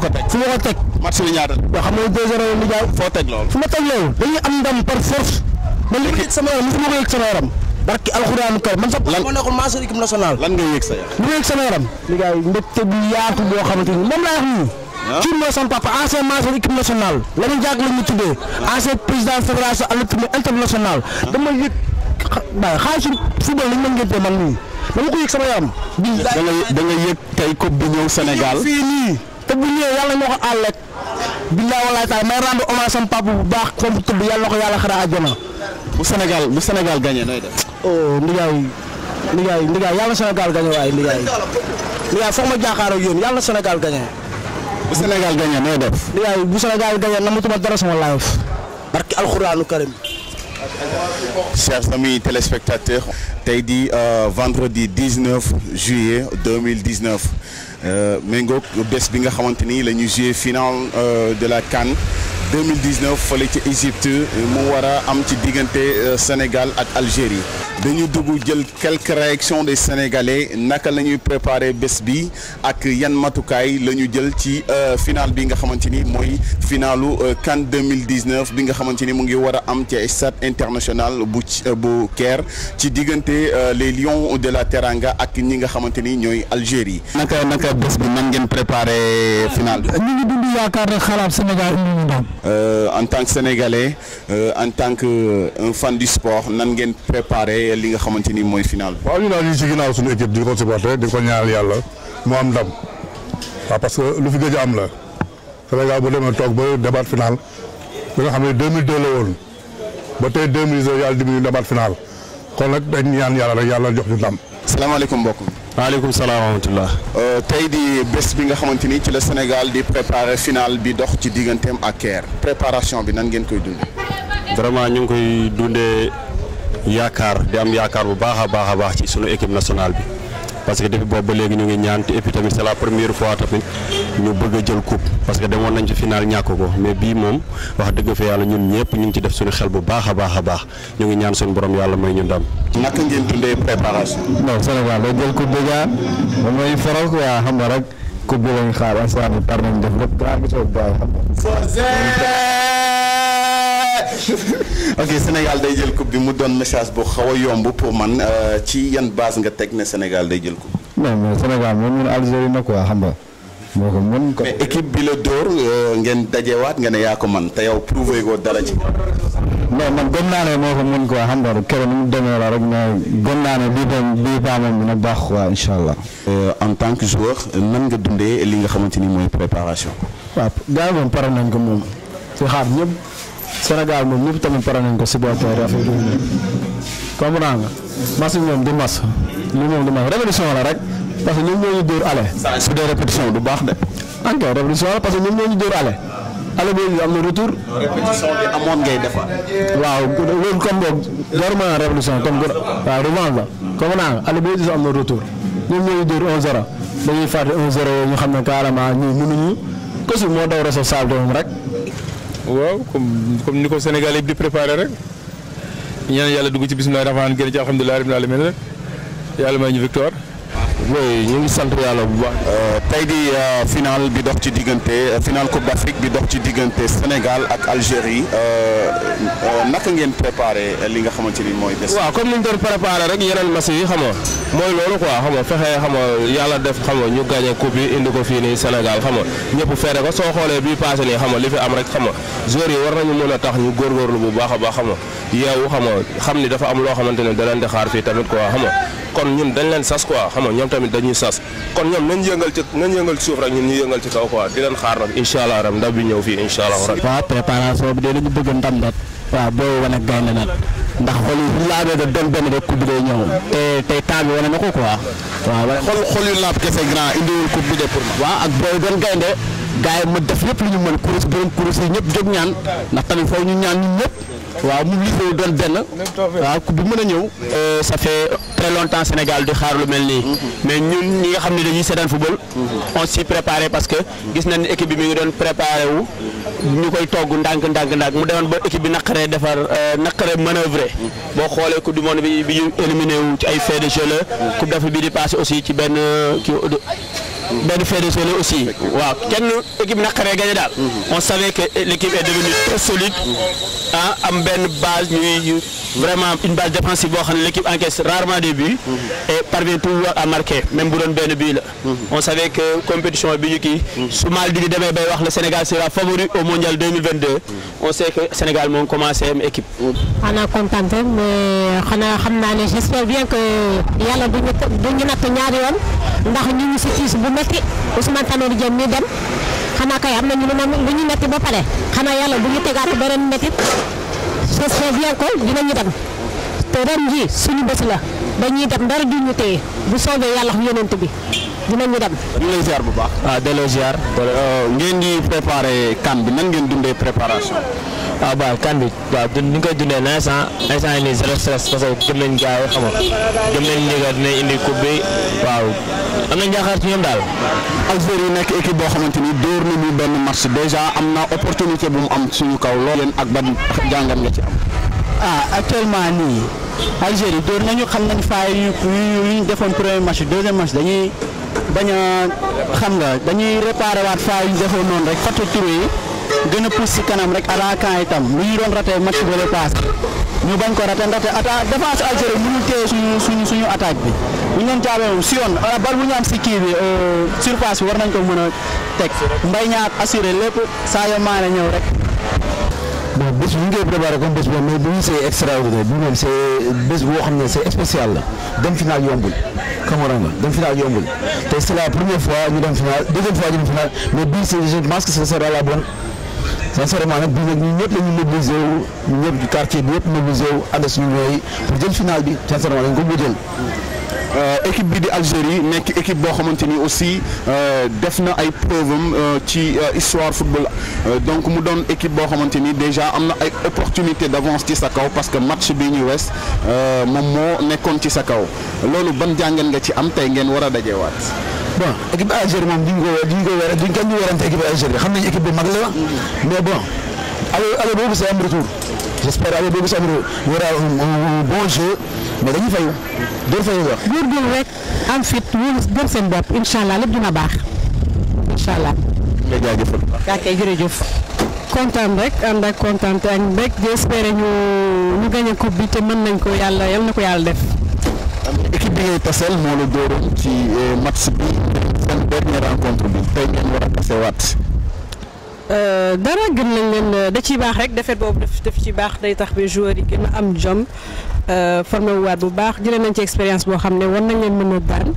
foo ko teg fu ma ko teg match bi ñaata la xam nga deux zéro li jaay foo teg loolu fu ma teg loolu dañuy am ndam par man li ma yëg sama sama yaram barki alxuraanu kar man sax moo nekkul maa équipe nationale lan ngay yëg sa sama yaram li gaay mbégte bu ah. ah. ah. ko yëg sama yaram. da tey coupe bi Sénégal te bu ñëwee yàlla na ko àll rek billaay walaay taal may rendre hommage sama bu baax fa mu tudd yàlla na ko yàlla xara àjjana. bu Sénégal bu Sénégal gagné nooy def. oh ndigaay ndigaay ndigaay yàlla Sénégal gagné waaye ndigaay ndigaay foog ma jàkkaaroo ak yéen yàlla Sénégal gagné. bu Sénégal gagné nooy def. ndigaay bu Sénégal gagné namatuma dara sama live. chers amis téléspectateurs tey di euh, vendredi 19 juillet 2019 euh, méngoog bés bi nga xamante ni la ñuy jouer finale euh, de la CAN 2019 fële ci Égypte mu war a am ci diggante euh, Sénégal ak Algérie dañu dugg jël quelques réactions des Sénégalais naka la ñuy préparer bés bi ak yan matukaay la ñu jël ci euh, final bi nga xamante ni mooy finalu euh, CAN 2019 bi nga xamante ni mu ngi war am ci stade international bu bu Caire ci diggante les lion de la Teranga ak ñi nga xamante ni ñooy Algérie. naka naka bés bi nan préparer final bi. ngi dund yaakaar rek xalaat Sénégal indi ñu Euh, en tant que sénégalais euh, en tant que euh, un fan du sport nan ngeen préparé li nga xamante ni mooy final bi. waaw ñu daal ñu si ginnaaw suñu équipe di ko supporté di ko ñaanal yàlla moo am ndam waaw parce que lu fi gëj am la Sénégal bu demee toog ba débat final bi nga xam ne 2002 la woon ba tey 2002 yàlla dimbali ñu débat kon nag dañ ñaan yàlla rek yàlla jox ñu ndam. salaamaaleykum mbokk mi maaleykum salaam wa rahmatulah. Euh, tey di bés bi nga xamante ni ci la Sénégal di préparer final bi dox ci digganteem ak Caire préparation bi nan ngeen koy dundee. vraiment ñu ngi koy dundee yaakaar di am yaakaar bu baax a baax a baax ci sunu équipe nationale bi parce que depuis boobu ba léegi ñu ngi ñaan te et puis tamit c'est la première fois tamit. ñu bëgg jël coupe parce que demoon nañ ci finaal ñàkk ko mais bii moom wax dëgg fa yàlla ñun ñëpp ñu ngi ci def suñu xel bu baax a baax a baax ñu ngi ñaan suñu borom yàlla may ñu ndam. naka ngeen tuddee préparation. non Sénégal day jël coupe déjà moom mooy forog xam nga rek coupe bi lañ xaar par nañ def lépp grand bi soo baax ok Sénégal day jël coupe bi mu doon message bu xaw a yomb pour man euh, ci yan baas nga teg ne Sénégal day jël coupe. non mais Sénégal moom ñun Algérie na quoi xam moo ko mën mais équipe bi la dóor euh, ngeen waat nga ne yaa ko man te yow prouvé ko dara ci. mais man gëm naa ne moo ko mën quoi xam naa ne bii tam bii baa moom dina baax allah. Euh, en tant que joueur nan nga dundee li nga xamante ni mooy préparation. waaw gars yi nañ ko moom di ñëpp Sénégal moom ñëpp tamit pare nañ ko supporter rafet bi comprends nga mas moom du mas li moom du mas révolution la rek. parce que ñoom ñoo ñu dóor ale. su dee répétition du baax de. encore répétition la parce que ñoom ñoo ñu dóor ale. ale boobu am na retour. répétition bi waaw loolu la. comme naa ale boobu am na retour. ñoom ñoo ñu dóor 1-0 dañuy fàtte 1-0 ñu xam ne carrément ñun mënuñu ko moo daw responsable moom rek. waaw comme comme ni ko Sénégal yëpp di préparé rek. ñaan yàlla dugg ci bisimilah rahmaani gën ci alhamdulilah yàlla may ñu victoire. oui ñu ngi sant yàlla bu baax. Euh, tey di euh, final bi dox ci diggante euh, final Coupe d'Afrique bi dox ci diggante Sénégal ak Algérie naka ngeen préparé li nga xamante ni mooy bés. waaw comme ni ñu doon préparé rek yeneen match yi xam nga mooy loolu quoi xam nga fexe xam nga yàlla def xam nga ñu gagné coupe bi indi ko fii nii Sénégal xam nga ñëpp feere ko soo xoolee bii passé nii xam nga li fi am rek xam nga joueurs yi war nañu mën a tax ñu góor góorgóorlu bu baax a baax xam nga yow xam xam ni dafa am loo xamante ne da leen di xaar fii tamit quoi kon ñun dañ leen sas quoi xam ñoom tamit dañuy sas kon ñoom nañ yëngal ci nañ yëngal ci suuf rek ñun ñu yëngal ci kaw quoi di leen xaar nag incha allah ram ndam bi ñëw fii incha allah. waaw préparation bi de dañu bëgg ndam nag waaw boobu wane gaynde nag ndax xol yi ñu laabee de doon benn rek coupe bi day ñëw ko quoi waaw. xol xol yu de pour ma. ak boobu doon gaynde gars ma def lépp lu ñu mën kuréel borom kuréel yi ñëpp jóg ñaan ndax tamit foofu ñu ñaan ñun ñëpp waaw mu lisee doon benn mën a ñëw euh, ça très longtemps Sénégal di xaar lu mel nii mhm. mais ñun ñi nga xam ni dañuy seetaan football mhm. on s'y préparé parce que gis nañ équipe bi mi ngi doon préparé wu ñu koy togg ndànk ndànk ndànk mu demoon ba équipe bi naqaree defar euh, naqaree manœuvrer mhm. boo xoolee coupe du monde bi bi ñu éliminé wu ci ay fait de jeu la coupe d'Afrique bi di passé aussi ci benn euh, kii benn fait de soleil aussi waaw kenn équipe naqaree gagné daal mhm. on savait que l'équipe est devenue très solide mhm. ah am benn base ñuy vraiment une base défensive boo xam ne l'équipe encaisse rarement des buts mhm. et parvient toujours à marquer même bu doon benn but la on savait que compétition bi ñu kii su mal di demee bay wax le Sénégal sera favori au mondial 2022 on sait que Sénégal moom commencé am équipe xanaa kontaan mais xam na ne j'espère bien que yàlla duñu duñu metti Ousmane Tanor Dieng mi dem xanaa kay am na ñu lu ñu metti ba pare xanaa yàlla bu ñu tegaat beneen mettit ce serait bien que dinañu dem te ren ji suñu bés la dañuy dem dara du ñu téye bu soobee yàlla yonent bi dinañu dem. ñu lay bu baax. ah delloo ziar. Euh, ngeen di préparé kan bi nan ngeen dundee préparation. waaw ah, waaw kan bi waaw du ni nga dundee na instant instant yii nii zéro stress parce que gëm nañ gars yi xam nga gëm nañ ni que dinañ indi coupe bi waaw am nañ yaakaar ci ñoom daal. Algérie nekk équipe boo xamante ni dóor nañu benn match déjà am na opportunité bu mu am suñu kaw lool yéen ak ban jàngat nga ci am. ah actuellement nii Algérie dóor nañu xam nañ faay yu ñu defoon premier match deuxième match dañuy. bañ xam nga dañuy réparé waat faa yu defoon noonu rek fàttali tur yi gën a pousse si kanam rek attaquant yi tam lu ñu doon raté match bi la paase ñu bañ ko raté ndaxte attaque défense Algérie mënul téye suñu suñu suñu attaque bi bu ñu leen jaabee moom si yoon bal bu ñaan am si kii bi euh, surface bi war nañ ko mën a teg mbay ñaar assuré lépp saa yoo ñëw rek. bon bés bu ñu koy préparé comme bés boobu mais bu ñu see extraordinaire bi moom c' est bés boo xam ne c' est spécial la dem final yombul Camara nga dem final yombul te c' est la première fois ñu dem final deuxième fois ñu dem final mais bii c' est je pense que ce sera la bonne sincèrement nag bii nag ñun ñëpp la ñu mobilisé wu ñun ñëpp quartier bi yëpp mobilisé wu ànd suñu ñooy pour jël final bi sincèrement dañ ko mu jël. Euh, équipe bi di Algérie nekk équipe boo xamante ni aussi euh, def na ay preuve am euh, ci histoire football donc mu doon équipe boo xamante ni déjà am na ay opportunité d'avance ci sa kaw parce que match bi ñu wees moom moo nekkoon ci sa kaw loolu ban jàngat nga ci am tey ngeen war a dajewaat. bon équipe Algérie moom duñ ko duñ ko wér duñ kenn ñu wérante équipe Algérie xam nañ équipe bu retour j'espère allez boobu c'est un retour bon jeu mais dañuy fayu dóor fayu wax. góorgóorlu rek am fit wóolu gëm seen bopp incha allah lépp dina baax incha allah. nga jaajëfal. yaa kay jërëjëf. kontaan rek ànd ak kontaan te ak mbég ko yàlla yal na ko yàlla def. équipe bi ngay taseel moo la dóoroon ci eh, match bi seen a euh, gën lañ leen da ciy baax rek defet boobu daf daf ci baax day tax bi joueur yi gën a am jom Euh, formé wu waat bu baax jëlee nañ ci expérience boo xam ne war nañ leen mën a daan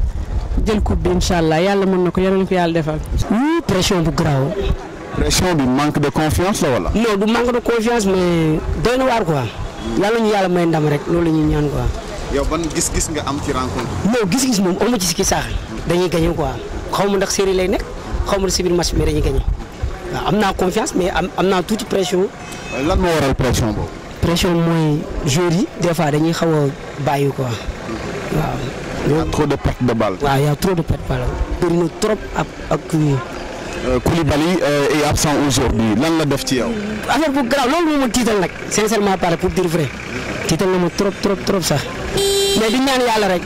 jël coupe bi incha allah yàlla mën na ko yal ko yàlla defal. oui pression bu garaaw. pression bi manque de confiance la wala. non du manque de confiance mais doy na waar quoi. yàlla may ndam rek loolu la ñuy ñaan quoi. gis-gis nga am ci rencontre gis-gis moom amu ci si saaxal dañuy gagné quoi xaw ma ndax série lay nekk xaw ma si biir match bi mais dañuy gagné waaw am naa confiance mais am am naa tuuti pression. lan moo waral pression boobu. pression mooy joueurs yi des fois dañuy xaw bàyyi quoi waaw. y' trop de perte de balle. waaw y' a trop de perte de balle. bëri na trop ak ak. Euh, Koulibaly euh, est absent aujourd'hui lan la def ci yow. affaire bu garaaw loolu moom tiital nag sincèrement parler pour dire vrai tiital na ma trop trop trop sax mais di ñaan yàlla rek.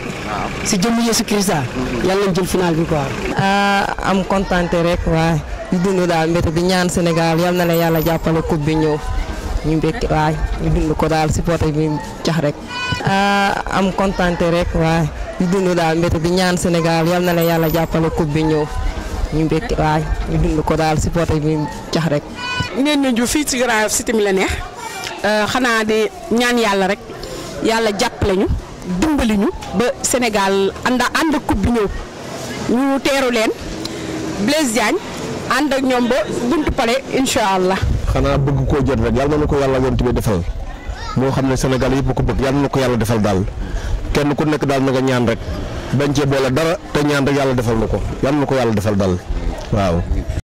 si jëmm Yeesu Krista. Mhm. yàlla nañ jël final bi quoi. Ah, am kontaan rek waaye di daal mbéte di ñaan Sénégal yal na la yàlla jàppale coupe bi ñëw. ñu mbégte waay ñu dund ko daal supporter bi cax rek ah, am kontante rek waay ñu dund daal mbégte di ñaan Sénégal yal na la yàlla jàppale coupe bi ñëw ñu mbégte waay ñu dund ko daal supporter bi cax rek. neen ju fii ci Grand Yoff Cité Millionnaire ah, xanaa di ñaan yàlla rek yàlla jàpp lañu dimbali ñu ba Sénégal ànd ànd coupe ñëw ñu teeru leen Blaise Diagne ànd ak ñoom ba buntu pale incha xanaa bëgg koo jot rek yàlla na ko yàlla yonent bi defal moo xam ne Sénégal yëpp ko bëgg yàlla na ko yàlla defal daal kenn ku nekk daal na nga ñaan rek bañ cee boole dara te ñaan rek yàlla defal na ko yàlla na ko yàlla defal daal waaw.